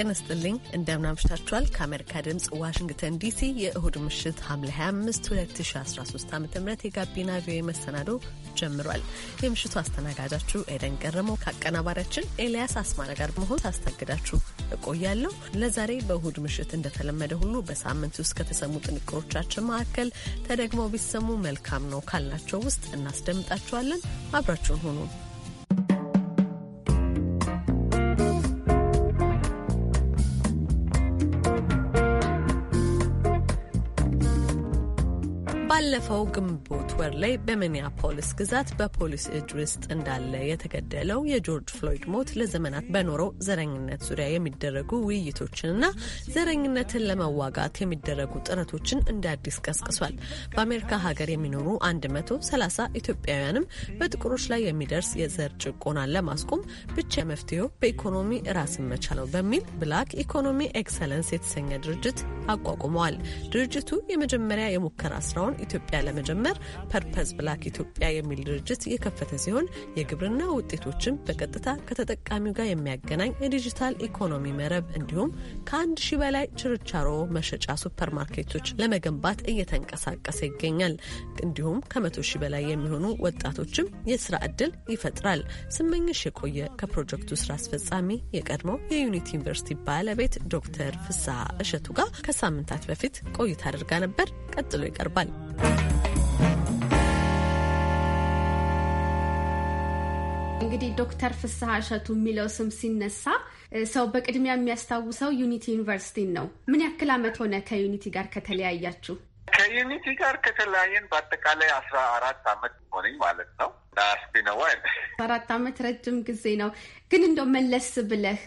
ጤና ስጥልኝ እንደምን አምሽታችኋል። ከአሜሪካ ድምፅ ዋሽንግተን ዲሲ የእሁድ ምሽት ሐምሌ 25 2013 ዓ ም የጋቢና ቪኦኤ መሰናዶ ጀምሯል። የምሽቱ አስተናጋጃችሁ ኤደን ገረመው ከአቀናባሪያችን ኤልያስ አስማረ ጋር በመሆን ታስተናግዳችሁ እቆያለሁ። ለዛሬ በእሁድ ምሽት እንደተለመደ ሁሉ በሳምንት ውስጥ ከተሰሙ ጥንቅሮቻችን መካከል ተደግመው ቢሰሙ መልካም ነው ካልናቸው ውስጥ እናስደምጣችኋለን። አብራችሁን ሁኑ። ባለፈው ግንቦት ወር ላይ በሚኒያፖሊስ ግዛት በፖሊስ እጅ ውስጥ እንዳለ የተገደለው የጆርጅ ፍሎይድ ሞት ለዘመናት በኖረው ዘረኝነት ዙሪያ የሚደረጉ ውይይቶችንና ዘረኝነትን ለመዋጋት የሚደረጉ ጥረቶችን እንደ አዲስ ቀስቅሷል። በአሜሪካ ሀገር የሚኖሩ 130 ኢትዮጵያውያንም በጥቁሮች ላይ የሚደርስ የዘር ጭቆናን ለማስቆም ብቻ መፍትሄው በኢኮኖሚ ራስን መቻለው በሚል ብላክ ኢኮኖሚ ኤክሰለንስ የተሰኘ ድርጅት አቋቁመዋል። ድርጅቱ የመጀመሪያ የሙከራ ስራውን ግብርናውን ኢትዮጵያ ለመጀመር ፐርፐዝ ብላክ ኢትዮጵያ የሚል ድርጅት የከፈተ ሲሆን የግብርና ውጤቶችን በቀጥታ ከተጠቃሚው ጋር የሚያገናኝ የዲጂታል ኢኮኖሚ መረብ እንዲሁም ከአንድ ሺህ በላይ ችርቻሮ መሸጫ ሱፐር ማርኬቶች ለመገንባት እየተንቀሳቀሰ ይገኛል። እንዲሁም ከመቶ ሺህ በላይ የሚሆኑ ወጣቶችም የስራ እድል ይፈጥራል። ስመኝሽ የቆየ ከፕሮጀክቱ ስራ አስፈጻሚ የቀድሞው የዩኒቲ ዩኒቨርሲቲ ባለቤት ዶክተር ፍስሐ እሸቱ ጋር ከሳምንታት በፊት ቆይታ አድርጋ ነበር። ቀጥሎ ይቀርባል። እንግዲህ ዶክተር ፍስሀ እሸቱ የሚለው ስም ሲነሳ ሰው በቅድሚያ የሚያስታውሰው ዩኒቲ ዩኒቨርሲቲን ነው። ምን ያክል አመት ሆነ ከዩኒቲ ጋር ከተለያያችሁ? ከዩኒቲ ጋር ከተለያየን በአጠቃላይ አስራ አራት አመት ሆነኝ ማለት ነው። አራት ዓመት ረጅም ጊዜ ነው። ግን እንደው መለስ ብለህ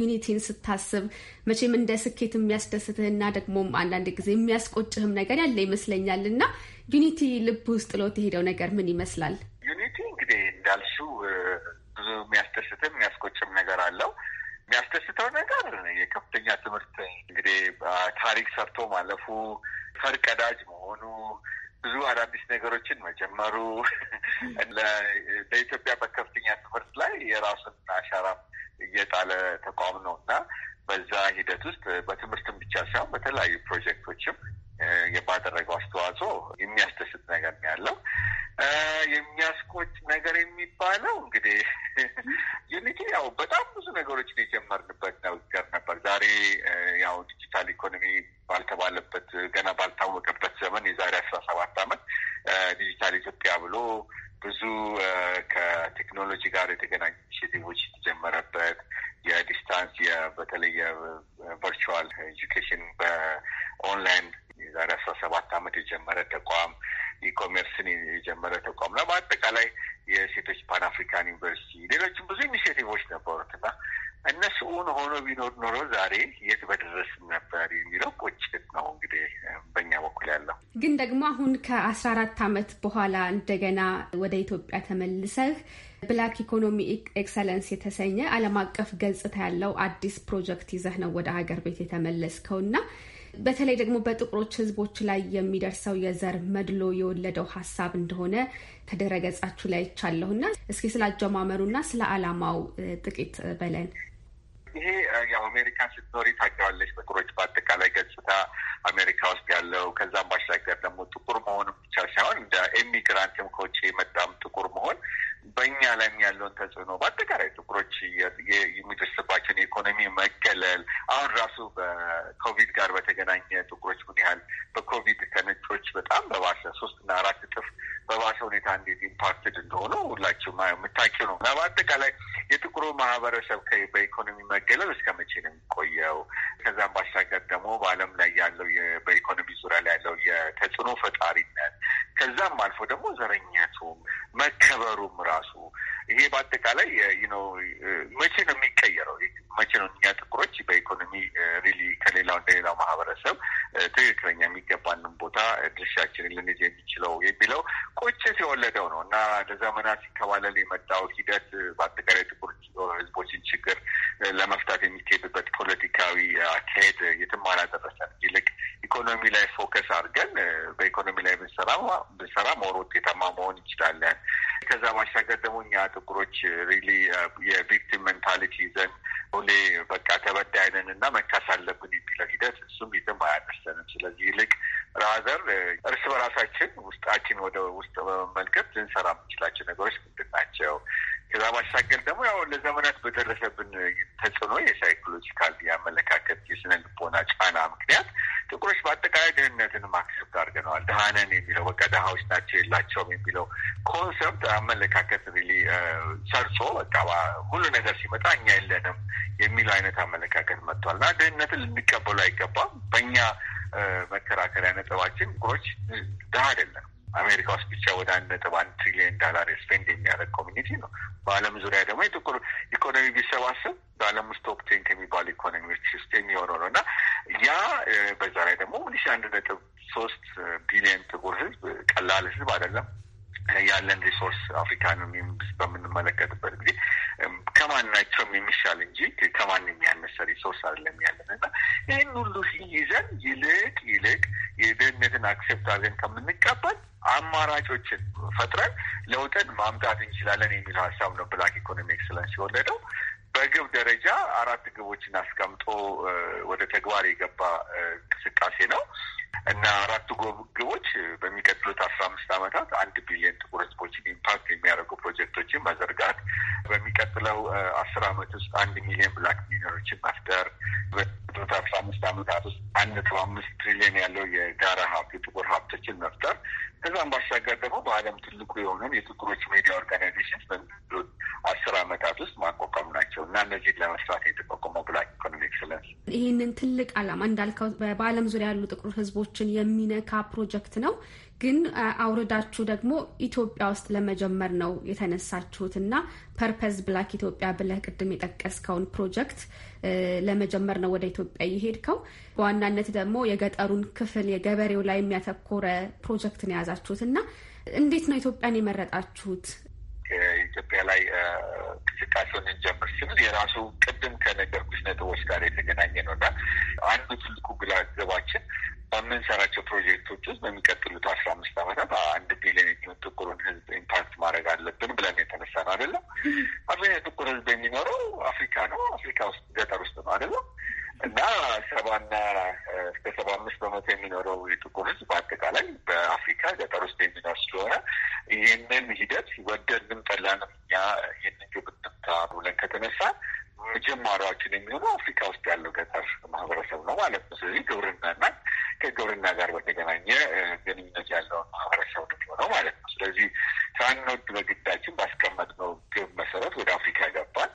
ዩኒቲን ስታስብ መቼም እንደ ስኬት የሚያስደስትህና ደግሞ አንዳንድ ጊዜ የሚያስቆጭህም ነገር ያለ ይመስለኛል እና ዩኒቲ ልብ ውስጥ ሎት የሄደው ነገር ምን ይመስላል? ዩኒቲ እንግዲህ እንዳልሽው ብዙ የሚያስደስትም የሚያስቆጭም ነገር አለው። የሚያስደስተው ነገር የከፍተኛ ትምህርት እንግዲህ ታሪክ ሰርቶ ማለፉ፣ ፈርቀዳጅ መሆኑ ብዙ አዳዲስ ነገሮችን መጀመሩ በኢትዮጵያ በከፍተኛ ትምህርት ላይ የራሱን አሻራ እየጣለ ተቋም ነው እና በዛ ሂደት ውስጥ በትምህርትም ብቻ ሳይሆን በተለያዩ ፕሮጀክቶችም የባደረገው አስተዋጽኦ የሚያስደስት ነገር ነው ያለው። የሚያስቆጭ ከአስራ አራት ዓመት በኋላ እንደገና ወደ ኢትዮጵያ ተመልሰህ ብላክ ኢኮኖሚ ኤክሰለንስ የተሰኘ ዓለም አቀፍ ገጽታ ያለው አዲስ ፕሮጀክት ይዘህ ነው ወደ ሀገር ቤት የተመለስከው እና በተለይ ደግሞ በጥቁሮች ህዝቦች ላይ የሚደርሰው የዘር መድሎ የወለደው ሀሳብ እንደሆነ ከድረ ገጻችሁ ላይ ይቻለሁና እስኪ ስላጀማመሩና ስለ ዓላማው ጥቂት በለን። ይሄ የአሜሪካን ስትኖሪ ታውቂዋለሽ፣ ነገሮች በአጠቃላይ ገጽታ አሜሪካ ውስጥ ያለው ከዛም ባሻገር ደግሞ ጥቁር መሆን ብቻ ሳይሆን እንደ ኢሚግራንትም ከውጭ የመጣም ጥቁር መሆን በእኛ ላይም ያለውን ተጽዕኖ በአጠቃላይ ጥቁሮች የሚደርስባቸውን የኢኮኖሚ መገለል አሁን ራሱ በኮቪድ ጋር በተገናኘ ጥቁሮች ምን ያህል በኮቪድ ከነጮች በጣም በባሰ ሶስት እና አራት እጥፍ በባሰ ሁኔታ እንዴት ኢምፓክትድ እንደሆነ ሁላችሁም የምታውቂው ነው እና በአጠቃላይ የጥቁሩ ማህበረሰብ በኢኮኖሚ መገለል እስከ መቼ ነው የሚቆየው? ከዛም ባሻገር ደግሞ በዓለም ላይ ያለው በኢኮኖሚ ዙሪያ ላይ ያለው የተጽዕኖ ፈጣሪነት ከዛም አልፎ ደግሞ ዘረኛቱም መከበሩም ነው መቼ uh, ልቦና ጫና ምክንያት ጥቁሮች በአጠቃላይ ድህነትን ማክሰብት አድርገነዋል። ድሃ የሚለው በቃ ድሃዎች ናቸው የላቸውም የሚለው ኮንሰፕት አመለካከት ሪሊ ሰርጾ በቃ ሁሉ ነገር ሲመጣ እኛ የለንም የሚለው አይነት አመለካከት መጥቷል እና ድህነትን ልንቀበሉ አይገባም። በእኛ መከራከሪያ ነጥባችን ጥቁሮች ድሃ አይደለም አሜሪካ ውስጥ ብቻ ወደ አንድ ነጥብ አንድ ትሪሊየን ዳላር ስፔንድ የሚያደርግ ኮሚኒቲ ነው። በዓለም ዙሪያ ደግሞ የጥቁር ኢኮኖሚ ቢሰባሰብ በዓለም ውስጥ ቶፕ ቴን ከሚባሉ ኢኮኖሚዎች ውስጥ የሚሆነው ነው እና ያ በዛ ላይ ደግሞ አንድ ነጥብ ሶስት ቢሊየን ጥቁር ህዝብ ቀላል ህዝብ አይደለም። ያለን ሪሶርስ አፍሪካንም በምንመለከትበት ጊዜ ከማናቸውም የሚሻል እንጂ ከማን የሚያነሰ ሪሶርስ አይደለም ያለን እና ይህን ሁሉ ይዘን ይልቅ ይልቅ የድህነትን አክሴፕት አድርገን ከምንቀበል አማራጮችን ፈጥረን ለውጥን ማምጣት እንችላለን የሚል ሀሳብ ነው ብላክ ኢኮኖሚ ኤክስለንስ የወለደው። በግብ ደረጃ አራት ግቦችን አስቀምጦ ወደ ተግባር የገባ እንቅስቃሴ ነው። እና አራቱ ግቦች በሚቀጥሉት አስራ አምስት አመታት አንድ ቢሊዮን ጥቁር ህዝቦችን ኢምፓክት የሚያደርጉ ፕሮጀክቶችን መዘርጋት፣ በሚቀጥለው አስር አመት ውስጥ አንድ ሚሊዮን ብላክ ሚሊዮነሮችን መፍጠር፣ በሚቀጥሉት አስራ አምስት አመታት ውስጥ አንድ ነጥብ አምስት ትሪሊዮን ያለው የጋራ ሀብት የጥቁር ሀብቶችን መፍጠር ከዛም ባሻገር ደግሞ በዓለም ትልቁ የሆነን የጥቁሮች ሚዲያ ኦርጋናይዜሽን አስር ዓመታት ውስጥ ማቋቋም ናቸው እና እነዚህን ለመስራት የተቋቋመው ብላክ ኢኮኖሚ ኤክሰለንስ ይህንን ትልቅ ዓላማ እንዳልከው በዓለም ዙሪያ ያሉ ጥቁር ህዝቦችን የሚነካ ፕሮጀክት ነው። ግን አውርዳችሁ ደግሞ ኢትዮጵያ ውስጥ ለመጀመር ነው የተነሳችሁት እና ፐርፐዝ ብላክ ኢትዮጵያ ብለህ ቅድም የጠቀስከውን ፕሮጀክት ለመጀመር ነው ወደ ኢትዮጵያ የሄድከው። በዋናነት ደግሞ የገጠሩን ክፍል የገበሬው ላይ የሚያተኮረ ፕሮጀክትን የያዛችሁት እና እንዴት ነው ኢትዮጵያን የመረጣችሁት? ኢትዮጵያ ላይ እንቅስቃሴውን እንጀምር ስንል የራሱ ቅድም ከነገርኩሽ ነጥቦች ጋር የተገናኘ ነው እና አንዱ ትልቁ ግባችን በምንሰራቸው ፕሮጀክቶች ውስጥ በሚቀጥሉት አስራ አምስት አመታት አንድ ቢሊዮን የሚሆን ጥቁሩን ህዝብ ኢምፓክት ማድረግ አለብን ብለን የተነሳ ነው አይደለም። አብዛኛው ጥቁር ህዝብ የሚኖረው አፍሪካ ነው። አፍሪካ ውስጥ ገጠር ውስጥ ነው አይደለም። እና ሰባና እስከ ሰባ አምስት በመቶ የሚኖረው የጥቁር ህዝብ በአጠቃላይ በአፍሪካ ገጠር ውስጥ የሚኖር ስለሆነ ይህንን ሂደት ወደድንም ጠላንም እኛ ይህንን ግብታ ብለን ከተነሳ መጀመሪያዎችን የሚሆነው አፍሪካ ውስጥ ያለው ገጠር ማህበረሰብ ነው ማለት ነው። ስለዚህ ግብርናና ከግብርና ጋር በተገናኘ ግንኙነት ያለውን ማህበረሰብ ነው የሚሆነው ማለት ነው። ስለዚህ ሳንወድ በግዳችን ባስቀመጥነው ግብ መሰረት ወደ አፍሪካ ገባን።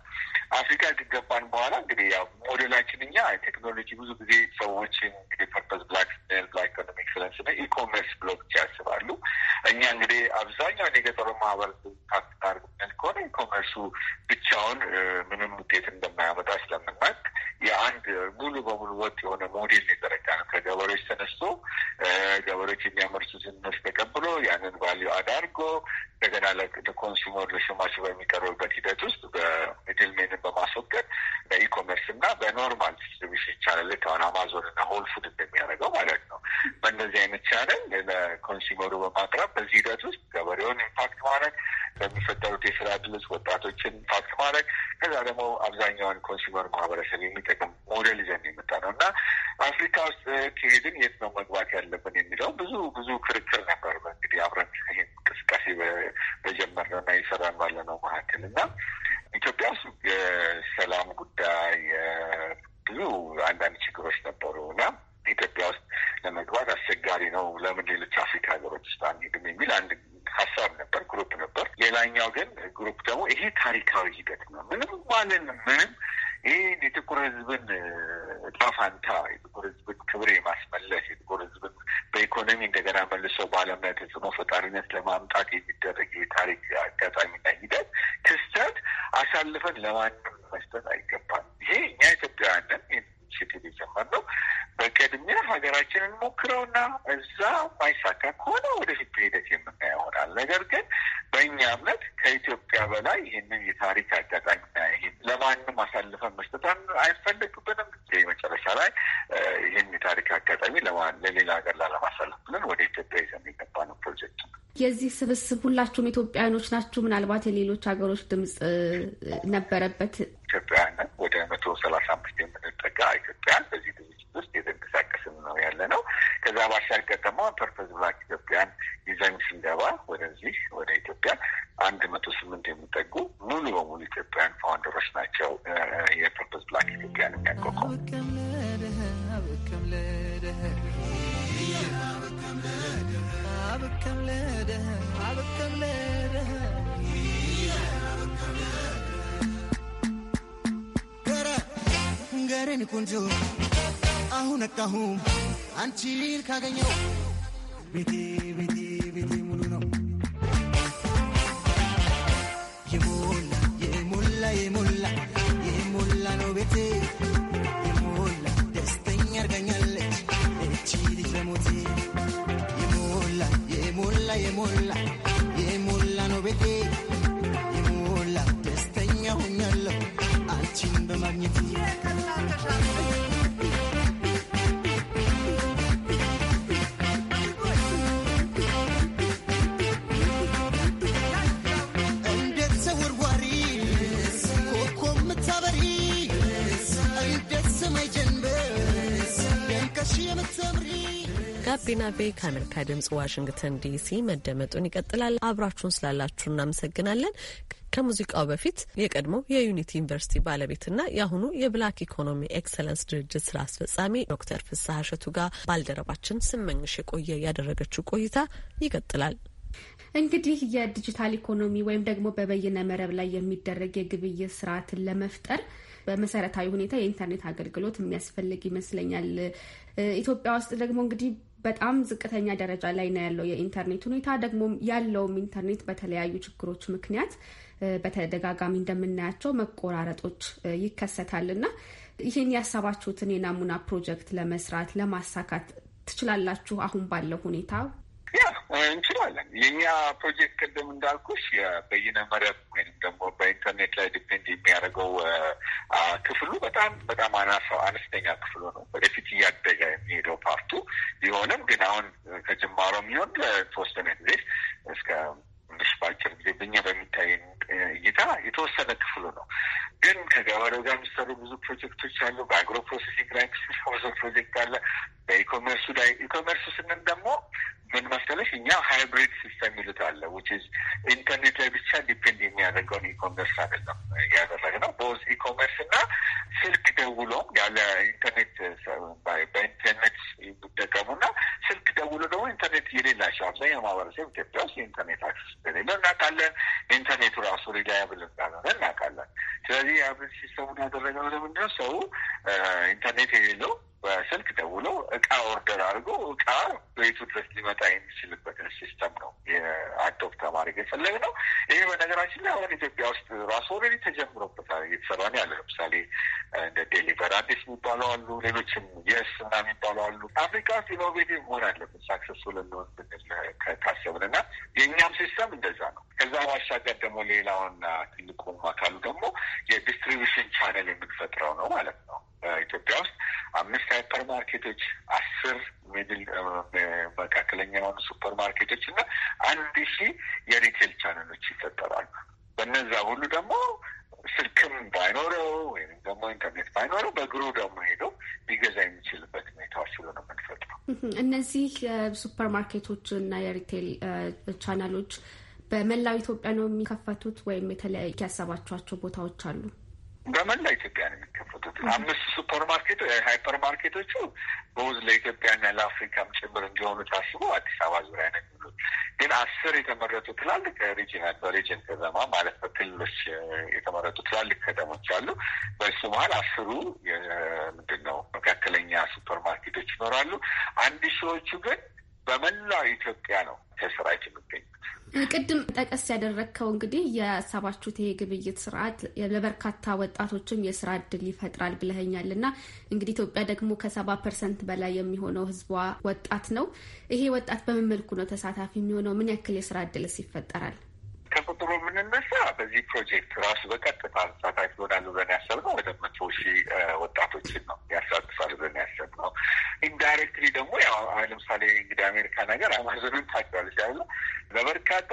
አፍሪካ ከገባን በኋላ እንግዲህ ያው ሞዴላችን እኛ ቴክኖሎጂ ብዙ ጊዜ ሰዎችን እንግዲህ ፐርፐዝ ብላክ ብላ ኢኮኖሚክ ስለንስ ኢኮሜርስ ብሎ ብቻ ያስባሉ። እኛ እንግዲህ አብዛኛው አንዳንድ ችግሮች ነበሩ እና ኢትዮጵያ ውስጥ ለመግባት አስቸጋሪ ነው። ለምን ሌሎች አፍሪካ ሀገሮች ውስጥ አንሄድም የሚል አንድ ሀሳብ ነበር፣ ግሩፕ ነበር። ሌላኛው ግን ግሩፕ ደግሞ ይሄ ታሪካዊ ሂደት ነው። ምንም ማንን ምንም ይህ የጥቁር ሕዝብን ዕጣ ፋንታ የጥቁር ሕዝብን ክብር የማስመለስ የጥቁር ሕዝብን በኢኮኖሚ እንደገና መልሶ በዓለም ላይ ተጽዕኖ ፈጣሪነት ለማምጣት የሚደረግ የታሪክ አጋጣሚና ሂደት ክስተት አሳልፈን ለማንም ሀገራችንን ሞክረውና እዛ ማይሳካ ከሆነ ወደፊት ሂደት የምናየው ይሆናል። ነገር ግን በእኛ እምነት ከኢትዮጵያ በላይ ይህንን የታሪክ አጋጣሚ ይህን ለማንም አሳልፈን መስጠት አይፈለግብንም። መጨረሻ ላይ ይህን የታሪክ አጋጣሚ ለሌላ ሀገር ላለማሳለፍ ብለን ወደ ኢትዮጵያ ይዘን የገባ ነው ፕሮጀክት የዚህ ስብስብ ሁላችሁም ኢትዮጵያውያኖች ናችሁ። ምናልባት የሌሎች ሀገሮች ድምፅ ነበረበት። ኢትዮጵያውያን ወደ መቶ ሰላሳ አምስት የምንጠጋ ኢትዮጵያውያን በዚህ ከዛ ባሻገር ደግሞ ፐርፐዝ ብላክ ኢትዮጵያን ይዘን ስንገባ ወደዚህ ወደ ኢትዮጵያ አንድ መቶ ስምንት የሚጠጉ ሙሉ በሙሉ ኢትዮጵያን ፋውንደሮች ናቸው የፐርፐዝ ብላክ ኢትዮጵያን የሚያቋቁሙ። ገረን ኩንጆ አሁን ነቃሁም አንቺ ሊል ካገኘው ቤቴ ቤቴ ቤቴ ሙሉ ነው የሞላ የሞላ የሞላ የሞላ ነው ቤቴ ጋቢና ቤ ከአሜሪካ ድምጽ ዋሽንግተን ዲሲ መደመጡን ይቀጥላል። አብራችሁን ስላላችሁ እናመሰግናለን። ከሙዚቃው በፊት የቀድሞው የዩኒቲ ዩኒቨርሲቲ ባለቤትና የአሁኑ የብላክ ኢኮኖሚ ኤክሰለንስ ድርጅት ስራ አስፈጻሚ ዶክተር ፍስሐ እሸቱ ጋር ባልደረባችን ስመኝሽ የቆየ ያደረገችው ቆይታ ይቀጥላል። እንግዲህ የዲጂታል ኢኮኖሚ ወይም ደግሞ በበይነ መረብ ላይ የሚደረግ የግብይት ስርዓትን ለመፍጠር በመሰረታዊ ሁኔታ የኢንተርኔት አገልግሎት የሚያስፈልግ ይመስለኛል። ኢትዮጵያ ውስጥ ደግሞ እንግዲህ በጣም ዝቅተኛ ደረጃ ላይ ነው ያለው የኢንተርኔት ሁኔታ። ደግሞ ያለውም ኢንተርኔት በተለያዩ ችግሮች ምክንያት በተደጋጋሚ እንደምናያቸው መቆራረጦች ይከሰታል እና ይህን ያሰባችሁትን የናሙና ፕሮጀክት ለመስራት ለማሳካት ትችላላችሁ አሁን ባለው ሁኔታ ያ እንችላለን። የኛ ፕሮጀክት ቅድም እንዳልኩሽ በይነ መረብ ወይም ደግሞ በኢንተርኔት ላይ ዲፔንድ የሚያደርገው ክፍሉ በጣም በጣም አናሳው አነስተኛ ክፍሉ ነው። ወደፊት እያደገ የሚሄደው ፓርቱ ቢሆንም ግን አሁን ከጅማሮ የሚሆን ለተወሰነ ጊዜ እስከ እንግዲህ በአጭር ጊዜ በእኛ በሚታየን እይታ የተወሰነ ክፍሉ ነው። ግን ከገበሬው ጋር የሚሰሩ ብዙ ፕሮጀክቶች አሉ። በአግሮ ፕሮሴሲንግ ላይ ብዙ ፕሮጀክት አለ። በኢኮሜርሱ ላይ ኢኮሜርሱ ስንል ደግሞ ምን መሰለሽ እኛ ሃይብሪድ ሲስተም ይሉት አለ ዊች ኢዝ ኢንተርኔት ላይ ብቻ ዲፔንድ የሚያደርገውን ኢኮሜርስ አይደለም ነው። በውስጥ ኢኮሜርስ እና ስልክ ደውሎም ያለ ኢንተርኔት ባይኖረው ወይም ደግሞ ኢንተርኔት ባይኖረው በእግሩ ደግሞ ሄዶ ሊገዛ የሚችልበት ሁኔታዎች ብሎ ነው የምንፈጥረው። እነዚህ የሱፐር ማርኬቶች እና የሪቴል ቻናሎች በመላው ኢትዮጵያ ነው የሚከፈቱት ወይም የተለያዩ ያሰባችኋቸው ቦታዎች አሉ? በመላ ኢትዮጵያ ነው የሚከፈቱት። አምስት ሱፐር ማርኬቶ ሃይፐር ማርኬቶቹ በውዝ ለኢትዮጵያና ለአፍሪካም ጭምር እንዲሆኑ ታስቦ አዲስ አበባ ዙሪያ ነው ግን አስር የተመረጡ ትላልቅ ሪጅናል በሪጅን ከተማ ማለት በክልሎች የተመረጡ ትላልቅ ከተሞች አሉ። በሱ መሀል አስሩ ምንድን ነው መካከለኛ ሱፐር ማርኬቶች ይኖራሉ። አንድ ሺዎቹ ግን በመላው ኢትዮጵያ ነው ተሰራጭ የሚገኙ ቅድም ጠቀስ ያደረግከው እንግዲህ የሰባችሁት ይሄ ግብይት ስርዓት ለበርካታ ወጣቶችም የስራ እድል ይፈጥራል ብለኛል እና እንግዲህ ኢትዮጵያ ደግሞ ከሰባ ፐርሰንት በላይ የሚሆነው ህዝቧ ወጣት ነው። ይሄ ወጣት በምን መልኩ ነው ተሳታፊ የሚሆነው? ምን ያክል የስራ እድልስ ይፈጠራል? ከቁጥሩ የምንነሳ በዚህ ፕሮጀክት ራሱ በቀጥታ ተሳታፊ ይሆናሉ ብለን ያሰብነው ወደ መቶ ሺህ ወጣቶችን ነው ያሳትፋል ብለን ያሰብነው። ኢንዳይሬክትሊ ደግሞ ያው ለምሳሌ እንግዲህ አሜሪካ ነገር አማዞንን ታውቂዋለሽ ያለ በበርካታ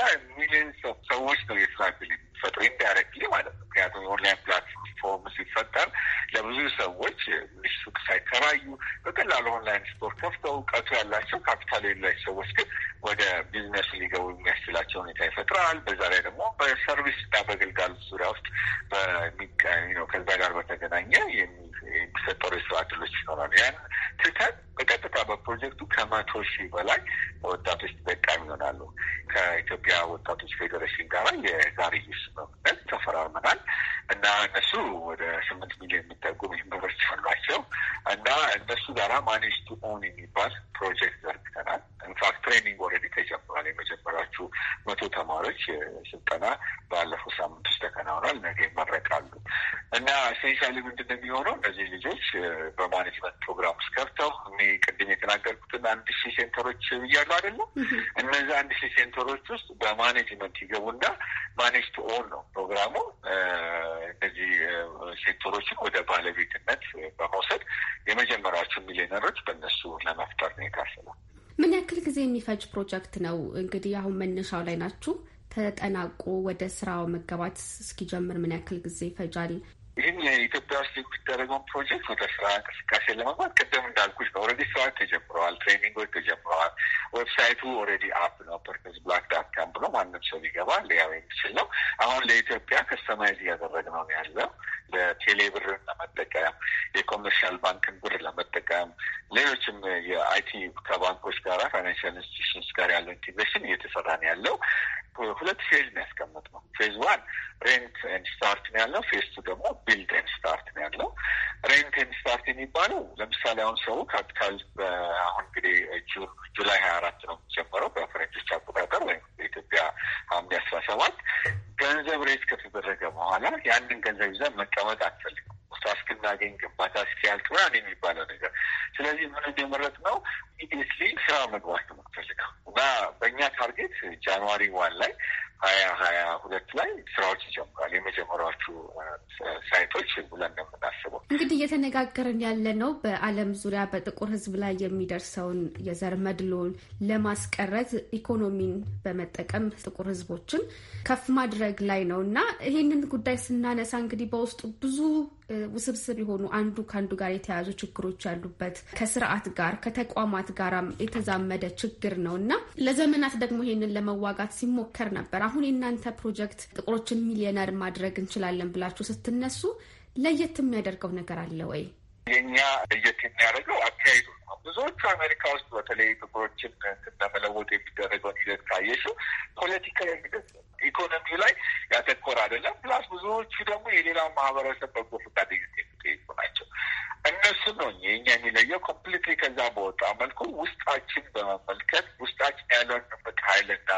ኦፍ ሰዎች ነው የስራ እድል የሚፈጥሩ ኢንዳይሬክትሊ ማለት ነው። ምክንያቱም የኦንላይን ፕላትፎርም ሲፈጠር ለብዙ ሰዎች ትንሽ ሱቅ ሳይከራዩ በቀላሉ ኦንላይን ስቶር ከፍተው እውቀቱ ያላቸው ካፒታል የሌላቸው ሰዎች ግን ወደ ቢዝነሱ ሊገቡ የሚያስችላቸው ሁኔታ ይፈጥራል። በዛ ላይ ደግሞ በሰርቪስ እና በግልጋሎት ዙሪያ ውስጥ ነው ከዛ ጋር በተገናኘ የሚፈጠሩ የስራ እድሎች ይኖራሉ። ያን ትተን በቀጥታ በፕሮጀክቱ ከመቶ ሺህ በላይ ወጣቶች ተጠቃሚ ይሆናሉ። ከኢትዮጵያ ወጣቶች ፌዴሬሽን ጋር የዛሬ ስምምነት ተፈራርመናል እና እነሱ ወደ ስምንት ሚሊዮን የሚጠጉ ሜምበሮች አሏቸው እና እነሱ ጋራ ማኔጅ ቱ ኦን የሚባል ፕሮጀክት ዘርግተናል። ኢንፋክት ትሬኒንግ ኦልሬዲ ተጀምሯል። የመጀመሪያዎቹ መቶ ተማሪዎች ስልጠና ባለፈው ሳምንት ውስጥ ተከናውኗል። ነገ ይመረቃሉ እና ሴንሻሊ ምንድን ነው የሚሆነው እነዚህ ልጆች በማኔጅመንት ፕሮግራም ውስጥ ገብተው ቅድም የተናገርኩትን አንድ ሺህ ሴንተሮች እያሉ አይደለም። እነዚህ አንድ ሺህ ሴንተሮች ውስጥ በማኔጅመንት ይገቡና ማኔጅ ቱ ኦን ነው ፕሮግራሙ። እነዚህ ሴንተሮችን ወደ ባለቤትነት በመውሰድ የመጀመሪያቸው ሚሊዮነሮች በእነሱ ለመፍጠር ነው የታሰበው። ምን ያክል ጊዜ የሚፈጅ ፕሮጀክት ነው? እንግዲህ አሁን መነሻው ላይ ናችሁ። ተጠናቆ ወደ ስራው መገባት እስኪጀምር ምን ያክል ጊዜ ይፈጃል? ይህን የሚደረገውን ፕሮጀክት ወደ ስራ እንቅስቃሴ ለመግባት ቅድም እንዳልኩሽ ነው። ኦልሬዲ ስራ ተጀምረዋል፣ ትሬኒንጎች ተጀምረዋል። ዌብሳይቱ ኦልሬዲ አፕ ነው። ፐርፐዝ ብላክ ዳት ካም ብሎ ማንም ሰው ሊገባ ሊያው የሚችል ነው። አሁን ለኢትዮጵያ ከስተማይዝ እያደረግ ነው ያለው ለቴሌ ብርን ለመጠቀም የኮመርሻል ባንክን ብር ለመጠቀም ሌሎችም የአይቲ ከባንኮች ጋራ ፋይናንሽል ኢንስቲቱሽንስ ጋር ያለው ኢንቴግሬሽን እየተሰራ ነው ያለው። ሁለት ፌዝ ነው ያስቀመጥነው። ፌዝ ዋን ሬንት ኤንድ ስታርት ነው ያለው። ፌዝ ቱ ደግሞ ቢልድ ኤንድ ስታርት ነው ያለው። ሬንት ኤንድ ስታርት የሚባለው ለምሳሌ አሁን ሰው ካፒታል አሁን እንግዲህ ጁላይ ሀያ አራት ነው የሚጀምረው በፈረንጆች አቆጣጠር ወይም በኢትዮጵያ ሐምሌ አስራ ሰባት ገንዘብ ሬት ከተደረገ በኋላ ያንን ገንዘብ ይዘን መቀመጥ አትፈልግም እስክናገኝ ግንባታ እስኪያልቅ ምናምን የሚባለው ነገር። ስለዚህ ምን ነው ኢዲስሊ ስራ መግባት ነው የምንፈልገው እና በእኛ ታርጌት ጃንዋሪ ዋን ላይ ሀያ ሀያ ሁለት ላይ ስራዎች ይጀምራል። የመጀመሪያዎቹ ሳይቶች ብለን ነው የምናስበው። እንግዲህ እየተነጋገርን ያለ ነው በዓለም ዙሪያ በጥቁር ሕዝብ ላይ የሚደርሰውን የዘር መድሎን ለማስቀረት ኢኮኖሚን በመጠቀም ጥቁር ሕዝቦችን ከፍ ማድረግ ላይ ነው እና ይህንን ጉዳይ ስናነሳ እንግዲህ በውስጡ ብዙ ውስብስብ የሆኑ አንዱ ከአንዱ ጋር የተያያዙ ችግሮች ያሉበት ከስርዓት ጋር ከተቋማት ጋር የተዛመደ ችግር ነው እና ለዘመናት ደግሞ ይህንን ለመዋጋት ሲሞከር ነበር። አሁን የእናንተ ፕሮጀክት ጥቁሮችን ሚሊዮነር ማድረግ እንችላለን ብላችሁ ስትነሱ ለየት የሚያደርገው ነገር አለ ወይ? የእኛ ለየት የሚያደርገው አካሄዱ ብዙዎቹ አሜሪካ ውስጥ በተለይ ጥቁሮችን ለመለወጥ የሚደረገውን ሂደት ካየሽ ፖለቲካ ሂደት ኢኮኖሚው ላይ ያተኮር አይደለም። ፕላስ ብዙዎቹ ደግሞ የሌላው ማህበረሰብ በጎ ፈቃደኝነት የሚጠይቁ ናቸው። እነሱ ነው የእኛ የሚለየው። ኮምፕሊትሊ ከዛ በወጣ መልኩ ውስጣችን በመመልከት ውስጣችን ያለውን ምቅ ሀይልና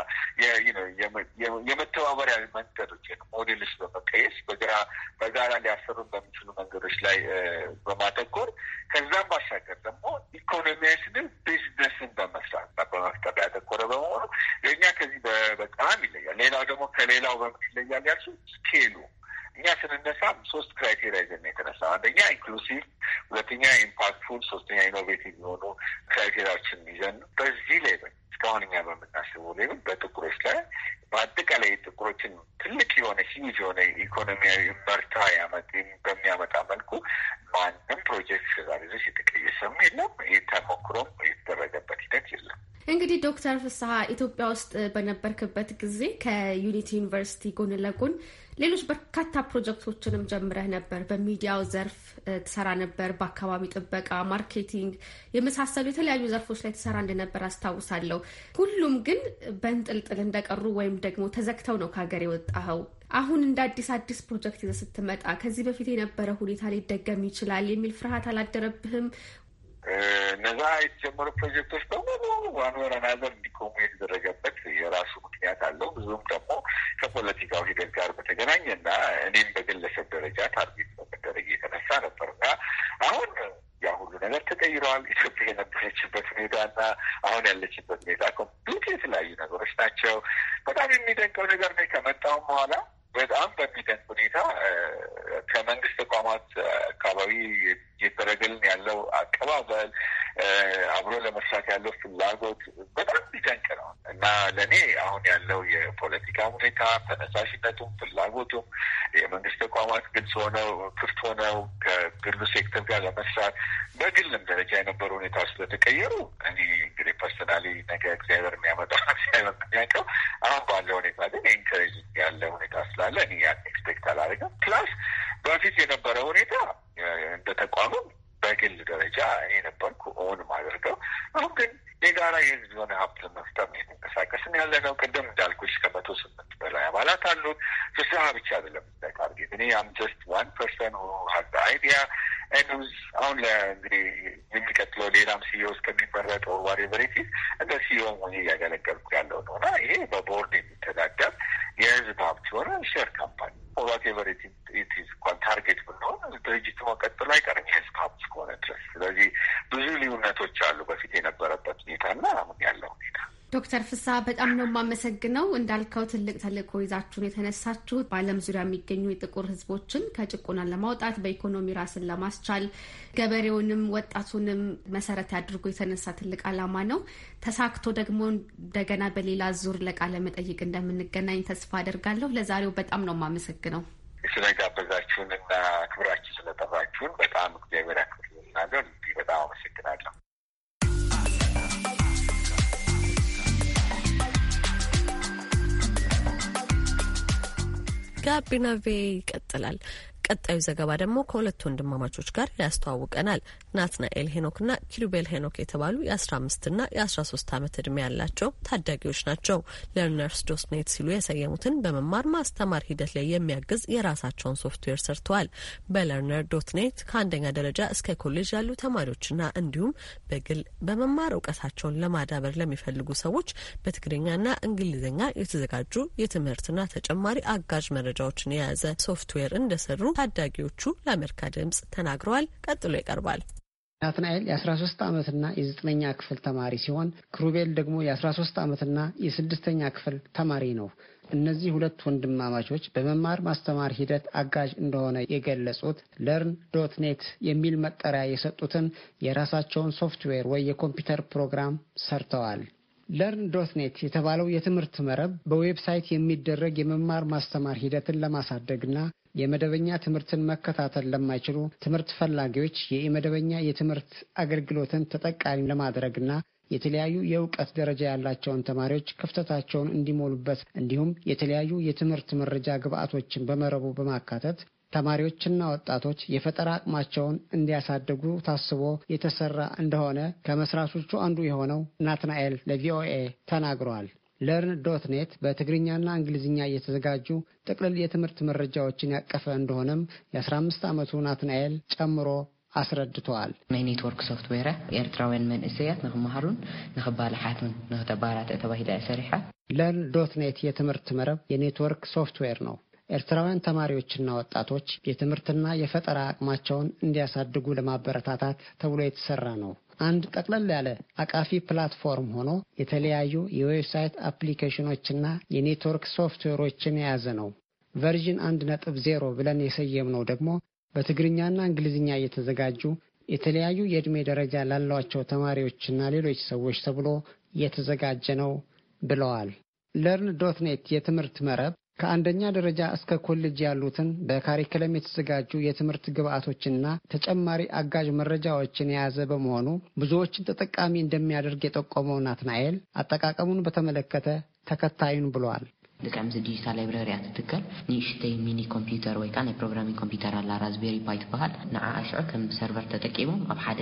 የመተባበሪያ መንገዶች ሞዴልስ በመቀየስ በግራ በጋራ ሊያሰሩን በሚችሉ መንገዶች ላይ በማተኮር ከዛም ባሻገር ደግሞ ኢኮኖሚያችንን ቢዝነስን በመስራት እና በመፍጠር ያተኮረ በመሆኑ ለእኛ ከዚህ በጣም ይለያል። ሌላው ደግሞ ከሌላው በምን ይለያል ያልሱ ስኬሉ እኛ ስንነሳ ሶስት ክራይቴሪያ ይዘን የተነሳ አንደኛ ኢንክሉሲቭ ሁለተኛ ኢምፓክትፉል፣ ሶስተኛ ኢኖቬቲቭ የሆኑ ክራይቴሪያዎችን ይዘን በዚህ ሌብል እስካሁን እኛ በምናስበው ሌብል በጥቁሮች ላይ በአጠቃላይ ጥቁሮችን ትልቅ የሆነ ሂዩጅ የሆነ ኢኮኖሚያዊ መርታ ያመጥ በሚያመጣ መልኩ ማንም ፕሮጀክት ዛሬ ድረስ የተቀየሰም የለም የተሞክሮም የተደረገበት ሂደት የለም። እንግዲህ ዶክተር ፍስሀ ኢትዮጵያ ውስጥ በነበርክበት ጊዜ ከዩኒቲ ዩኒቨርሲቲ ጎን ለጎን ሌሎች በርካታ ፕሮጀክቶችንም ጀምረህ ነበር። በሚዲያው ዘርፍ ትሰራ ነበር፣ በአካባቢ ጥበቃ፣ ማርኬቲንግ የመሳሰሉ የተለያዩ ዘርፎች ላይ ትሰራ እንደነበር አስታውሳለሁ። ሁሉም ግን በንጥልጥል እንደቀሩ ወይም ደግሞ ተዘግተው ነው ከሀገር የወጣኸው። አሁን እንደ አዲስ አዲስ ፕሮጀክት ይዘህ ስትመጣ ከዚህ በፊት የነበረ ሁኔታ ሊደገም ይችላል የሚል ፍርሃት አላደረብህም? እነዛ የተጀመሩ ፕሮጀክቶች በሙሉ ዋን ወር አናዘር እንዲቆሙ የተደረገበት የራሱ ምክንያት አለው። ብዙም ደግሞ ከፖለቲካው ሂደት ጋር እንገናኝ እና እኔም በግለሰብ ደረጃ ታርጌት በመደረግ የተነሳ ነበር እና አሁን ያ ሁሉ ነገር ተቀይረዋል። ኢትዮጵያ የነበረችበት ሁኔታ እና አሁን ያለችበት ሁኔታ ኮምፕሊት የተለያዩ ነገሮች ናቸው። በጣም የሚደንቀው ነገር ነው ከመጣውም በኋላ በጣም በሚ እኔ ነበርኩ እውን አድርገው። አሁን ግን የጋራ የህዝብ የሆነ ሀብት መፍጠር ነው የተንቀሳቀስን ያለ ነው። ቅድም እንዳልኩሽ ከመቶ ስምንት በላይ አባላት አሉ። ስስሀ ብቻ አይደለም ቃርጌ እኔ አም ጀስት ዋን ፐርሰን ሀ አይዲያ አይኖዝ አሁን እንግዲህ የሚቀጥለው ሌላም ሲዮ እስከሚመረጠው ዋሬ በሬቲ እንደ ሲዮ ሆኜ እያገለገልኩ ያለው ነው እና ይሄ በቦርድ የሚተዳደር የህዝብ ሀብት የሆነ ሼር ካምፓኒ ኦራት የበሬቲ ኢትዝ እንኳን ታርጌት ብንሆን ድርጅቱ መቀጠሉ አይቀርም የህዝብ ሀብት እስከሆነ ድረስ። ስለዚህ ብዙ ልዩነቶች አሉ በፊት የነበረበት ሁኔታ እና አሁን ያለው ሁኔታ ዶክተር ፍሳ በጣም ነው የማመሰግነው። እንዳልከው ትልቅ ተልዕኮ ይዛችሁን የተነሳችሁት በዓለም ዙሪያ የሚገኙ የጥቁር ሕዝቦችን ከጭቆና ለማውጣት በኢኮኖሚ ራስን ለማስቻል ገበሬውንም ወጣቱንም መሰረት አድርጎ የተነሳ ትልቅ ዓላማ ነው። ተሳክቶ ደግሞ እንደገና በሌላ ዙር ለቃለ መጠይቅ እንደምንገናኝ ተስፋ አደርጋለሁ። ለዛሬው በጣም ነው የማመሰግነው ስለጋበዛችሁን ጋቢና ቬ ይቀጥላል። ቀጣዩ ዘገባ ደግሞ ከሁለት ወንድማማቾች ጋር ያስተዋውቀናል። ናትናኤል ሄኖክና ኪሩቤል ሄኖክ የተባሉ የ1ራ5ምስትና የአስራ የ የአስራ ሶስት ዓመት ዕድሜ ያላቸው ታዳጊዎች ናቸው። ለርነርስ ዶስኔት ሲሉ የሰየሙትን በመማር ማስተማር ሂደት ላይ የሚያግዝ የራሳቸውን ሶፍትዌር ሰርተዋል። በለርነር ዶትኔት ከአንደኛ ደረጃ እስከ ኮሌጅ ያሉ ተማሪዎችና እንዲሁም በግል በመማር እውቀታቸውን ለማዳበር ለሚፈልጉ ሰዎች በትግርኛና እንግሊዝኛ የተዘጋጁ የትምህርትና ተጨማሪ አጋዥ መረጃዎችን የያዘ ሶፍትዌር እንደሰሩ ታዳጊዎቹ ለአሜሪካ ድምጽ ተናግረዋል። ቀጥሎ ይቀርባል። ናትናኤል የ13 ዓመትና የዘጠነኛ ክፍል ተማሪ ሲሆን ክሩቤል ደግሞ የ13 ዓመትና የስድስተኛ ክፍል ተማሪ ነው። እነዚህ ሁለት ወንድማማቾች በመማር ማስተማር ሂደት አጋዥ እንደሆነ የገለጹት ለርን ዶት ኔት የሚል መጠሪያ የሰጡትን የራሳቸውን ሶፍትዌር ወይ የኮምፒውተር ፕሮግራም ሰርተዋል። ለርን ዶት ኔት የተባለው የትምህርት መረብ በዌብሳይት የሚደረግ የመማር ማስተማር ሂደትን ለማሳደግና የመደበኛ ትምህርትን መከታተል ለማይችሉ ትምህርት ፈላጊዎች የመደበኛ የትምህርት አገልግሎትን ተጠቃሚ ለማድረግና የተለያዩ የእውቀት ደረጃ ያላቸውን ተማሪዎች ክፍተታቸውን እንዲሞሉበት እንዲሁም የተለያዩ የትምህርት መረጃ ግብዓቶችን በመረቡ በማካተት ተማሪዎችና ወጣቶች የፈጠራ አቅማቸውን እንዲያሳድጉ ታስቦ የተሰራ እንደሆነ ከመስራቾቹ አንዱ የሆነው ናትናኤል ለቪኦኤ ተናግረዋል። ለርን ዶት ኔት በትግርኛና እንግሊዝኛ እየተዘጋጁ ጥቅልል የትምህርት መረጃዎችን ያቀፈ እንደሆነም የ15 ዓመቱ ናትናኤል ጨምሮ አስረድተዋል። ናይ ኔትወርክ ሶፍትዌር ኤርትራውያን መንእሰያት ንክመሃሩን ንክባልሓቱን ንክተባራት ተባሂላ ሰሪሓ ለርን ዶት ኔት የትምህርት መረብ የኔትወርክ ሶፍትዌር ነው። ኤርትራውያን ተማሪዎችና ወጣቶች የትምህርትና የፈጠራ አቅማቸውን እንዲያሳድጉ ለማበረታታት ተብሎ የተሰራ ነው። አንድ ጠቅለል ያለ አቃፊ ፕላትፎርም ሆኖ የተለያዩ የዌብሳይት አፕሊኬሽኖችና የኔትወርክ ሶፍትዌሮችን የያዘ ነው። ቨርዥን አንድ ነጥብ ዜሮ ብለን የሰየምነው ደግሞ በትግርኛና እንግሊዝኛ እየተዘጋጁ የተለያዩ የዕድሜ ደረጃ ላሏቸው ተማሪዎችና ሌሎች ሰዎች ተብሎ እየተዘጋጀ ነው ብለዋል። ለርን ዶት ኔት የትምህርት መረብ ከአንደኛ ደረጃ እስከ ኮሌጅ ያሉትን በካሪክለም የተዘጋጁ የትምህርት ግብዓቶችና ተጨማሪ አጋዥ መረጃዎችን የያዘ በመሆኑ ብዙዎችን ተጠቃሚ እንደሚያደርግ የጠቆመው ናትናኤል አጠቃቀሙን በተመለከተ ተከታዩን ብለዋል። ዚ ዲጂታል ላይብረሪ ኣትትከል ንእሽተይ ሚኒ ኮምፒውተር ወይ ከዓ ናይ ፕሮግራሚንግ ኮምፒውተር ኣላ ራዝቤሪ ፓይ ትበሃል ንዓ ኣሽዑ ከም ሰርቨር ተጠቂሞም ኣብ ሓደ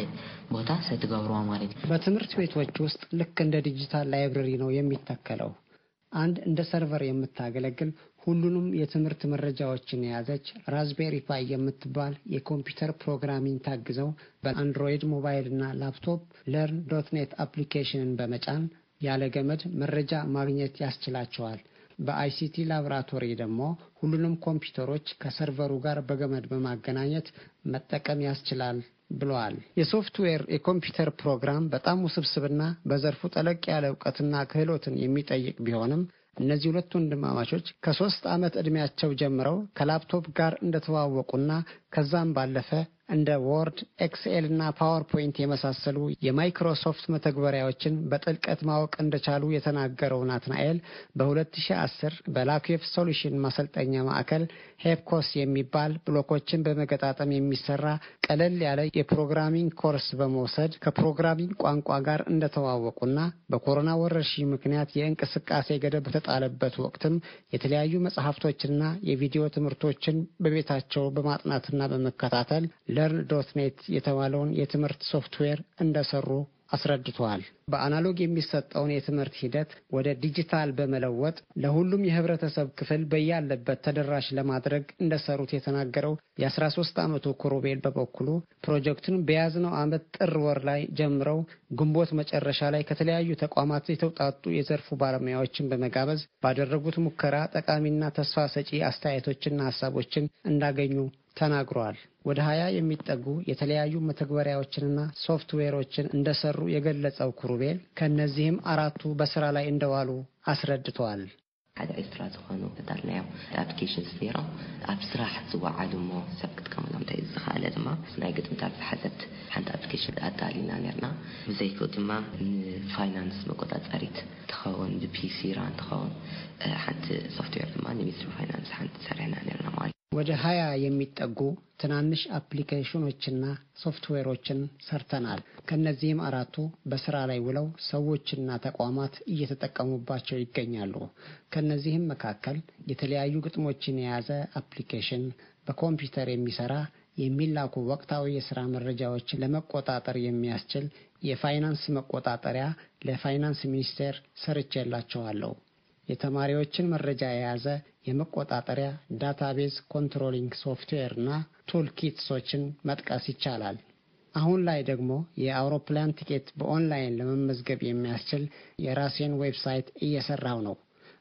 ቦታ ሰትገብርዎ ማለት እዩ። በትምህርት ቤቶች ውስጥ ልክ እንደ ዲጂታል ላይብረሪ ነው የሚተከለው። አንድ እንደ ሰርቨር የምታገለግል ሁሉንም የትምህርት መረጃዎችን የያዘች ራዝቤሪ ፓይ የምትባል የኮምፒውተር ፕሮግራሚንግ ታግዘው በአንድሮይድ ሞባይል እና ላፕቶፕ ለርን ዶት ኔት አፕሊኬሽንን በመጫን ያለ ገመድ መረጃ ማግኘት ያስችላቸዋል። በአይሲቲ ላቦራቶሪ ደግሞ ሁሉንም ኮምፒውተሮች ከሰርቨሩ ጋር በገመድ በማገናኘት መጠቀም ያስችላል። ብለዋል። የሶፍትዌር የኮምፒውተር ፕሮግራም በጣም ውስብስብና በዘርፉ ጠለቅ ያለ እውቀትና ክህሎትን የሚጠይቅ ቢሆንም እነዚህ ሁለት ወንድማማቾች ከሶስት ዓመት ዕድሜያቸው ጀምረው ከላፕቶፕ ጋር እንደተዋወቁና ከዛም ባለፈ እንደ ዎርድ፣ ኤክስኤል እና ፓወርፖይንት የመሳሰሉ የማይክሮሶፍት መተግበሪያዎችን በጥልቀት ማወቅ እንደቻሉ የተናገረው ናትናኤል በ2010 በላኩፍ ሶሉሽን ማሰልጠኛ ማዕከል ሄፕኮስ የሚባል ብሎኮችን በመገጣጠም የሚሰራ ቀለል ያለ የፕሮግራሚንግ ኮርስ በመውሰድ ከፕሮግራሚንግ ቋንቋ ጋር እንደተዋወቁና በኮሮና ወረርሽኝ ምክንያት የእንቅስቃሴ ገደብ በተጣለበት ወቅትም የተለያዩ መጽሐፍቶችና የቪዲዮ ትምህርቶችን በቤታቸው በማጥናትና በመከታተል ለርን የተባለውን የትምህርት ሶፍትዌር እንደሰሩ አስረድተዋል። በአናሎግ የሚሰጠውን የትምህርት ሂደት ወደ ዲጂታል በመለወጥ ለሁሉም የህብረተሰብ ክፍል በያለበት ተደራሽ ለማድረግ እንደሰሩት የተናገረው የ13 ዓመቱ ኮሮቤል በበኩሉ ፕሮጀክቱን በያዝነው ዓመት ጥር ወር ላይ ጀምረው ግንቦት መጨረሻ ላይ ከተለያዩ ተቋማት የተውጣጡ የዘርፉ ባለሙያዎችን በመጋበዝ ባደረጉት ሙከራ ጠቃሚና ተስፋ ሰጪ አስተያየቶችና ሀሳቦችን እንዳገኙ ተናግረዋል። ወደ ሀያ የሚጠጉ የተለያዩ መተግበሪያዎችንና ሶፍትዌሮችን እንደሰሩ የገለጸው ኩሩቤል ከእነዚህም አራቱ በስራ ላይ እንደዋሉ አስረድተዋል። ሓደ ኤርትራ ዝኾኑ እታልናዮ ኣፕሊኬሽን ነይሮም ኣብ ስራሕ ዝወዓሉ እሞ ሰብ ክጥቀመሎም እንታይ ዝኽኣለ ድማ ናይ ግጥምታት ዝሓዘት ሓንቲ ኣፕሊኬሽን ኣዳሊና ነርና ብዘይክኡ ድማ ንፋይናንስ መቆፃፀሪት ትኸውን ብፒሲራ እንትኸውን ሓንቲ ሶፍትዌር ድማ ንሚኒስትሪ ፋይናንስ ሓንቲ ሰርሕና ነርና ማለት ወደ ሀያ የሚጠጉ ትናንሽ አፕሊኬሽኖችና ሶፍትዌሮችን ሰርተናል። ከእነዚህም አራቱ በስራ ላይ ውለው ሰዎችና ተቋማት እየተጠቀሙባቸው ይገኛሉ። ከእነዚህም መካከል የተለያዩ ግጥሞችን የያዘ አፕሊኬሽን፣ በኮምፒውተር የሚሰራ የሚላኩ ወቅታዊ የስራ መረጃዎችን ለመቆጣጠር የሚያስችል የፋይናንስ መቆጣጠሪያ ለፋይናንስ ሚኒስቴር ሰርቼላቸዋለሁ። የተማሪዎችን መረጃ የያዘ የመቆጣጠሪያ ዳታቤዝ ኮንትሮሊንግ ሶፍትዌር እና ቱልኪትሶችን መጥቀስ ይቻላል። አሁን ላይ ደግሞ የአውሮፕላን ቲኬት በኦንላይን ለመመዝገብ የሚያስችል የራሴን ዌብሳይት እየሰራው ነው።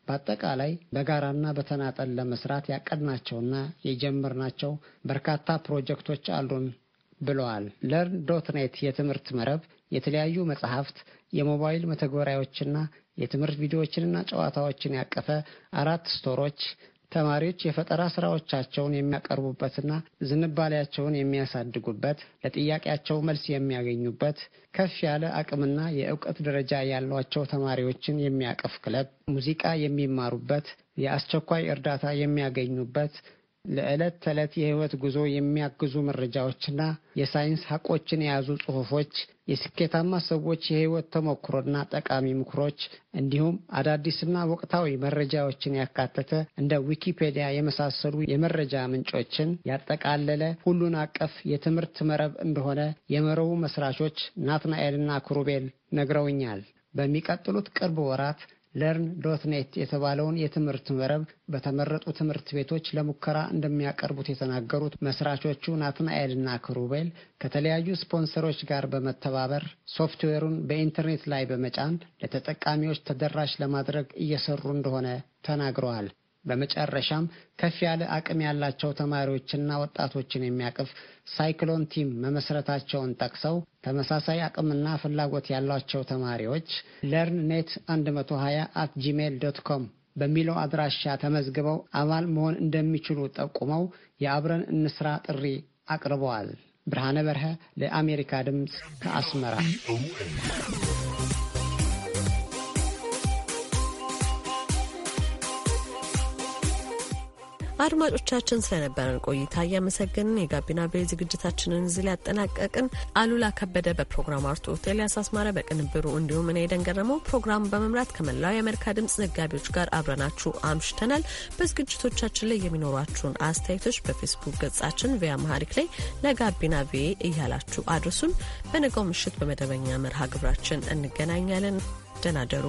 በአጠቃላይ በጋራና በተናጠል ለመስራት ያቀድናቸውና የጀመርናቸው በርካታ ፕሮጀክቶች አሉን ብለዋል። ለርን ዶትኔት የትምህርት መረብ የተለያዩ መጽሐፍት፣ የሞባይል መተግበሪያዎችና የትምህርት ቪዲዮዎችንና ጨዋታዎችን ያቀፈ አራት ስቶሮች ተማሪዎች የፈጠራ ስራዎቻቸውን የሚያቀርቡበትና ዝንባሌያቸውን የሚያሳድጉበት፣ ለጥያቄያቸው መልስ የሚያገኙበት፣ ከፍ ያለ አቅምና የእውቀት ደረጃ ያሏቸው ተማሪዎችን የሚያቀፍ ክለብ፣ ሙዚቃ የሚማሩበት፣ የአስቸኳይ እርዳታ የሚያገኙበት ለዕለት ተዕለት የህይወት ጉዞ የሚያግዙ መረጃዎችና የሳይንስ ሀቆችን የያዙ ጽሁፎች የስኬታማ ሰዎች የህይወት ተሞክሮና ጠቃሚ ምክሮች እንዲሁም አዳዲስና ወቅታዊ መረጃዎችን ያካተተ እንደ ዊኪፔዲያ የመሳሰሉ የመረጃ ምንጮችን ያጠቃለለ ሁሉን አቀፍ የትምህርት መረብ እንደሆነ የመረቡ መስራቾች ናትናኤልና ክሩቤል ነግረውኛል። በሚቀጥሉት ቅርብ ወራት ለርን ዶት ኔት የተባለውን የትምህርት መረብ በተመረጡ ትምህርት ቤቶች ለሙከራ እንደሚያቀርቡት የተናገሩት መስራቾቹ ናትናኤልና ክሩቤል ከተለያዩ ስፖንሰሮች ጋር በመተባበር ሶፍትዌሩን በኢንተርኔት ላይ በመጫን ለተጠቃሚዎች ተደራሽ ለማድረግ እየሰሩ እንደሆነ ተናግረዋል። በመጨረሻም ከፍ ያለ አቅም ያላቸው ተማሪዎችና ወጣቶችን የሚያቅፍ ሳይክሎን ቲም መመስረታቸውን ጠቅሰው ተመሳሳይ አቅምና ፍላጎት ያሏቸው ተማሪዎች ለርን ኔት 120 አት ጂሜል ዶት ኮም በሚለው አድራሻ ተመዝግበው አባል መሆን እንደሚችሉ ጠቁመው የአብረን እንስራ ጥሪ አቅርበዋል። ብርሃነ በርሀ ለአሜሪካ ድምፅ ከአስመራ አድማጮቻችን ስለነበረን ቆይታ እያመሰገንን የጋቢና ቤ ዝግጅታችንን እዚህ ሊያጠናቀቅን አሉላ ከበደ በፕሮግራም አርቶ ኤልያስ አስማረ በቅንብሩ እንዲሁም እኔ ደን ገረመው ፕሮግራም በመምራት ከመላው የአሜሪካ ድምፅ ዘጋቢዎች ጋር አብረናችሁ አምሽተናል። በዝግጅቶቻችን ላይ የሚኖሯችሁን አስተያየቶች በፌስቡክ ገጻችን ቪያ መሀሪክ ላይ ለጋቢና ቪ እያላችሁ አድርሱን። በነገው ምሽት በመደበኛ መርሃ ግብራችን እንገናኛለን። ደናደሩ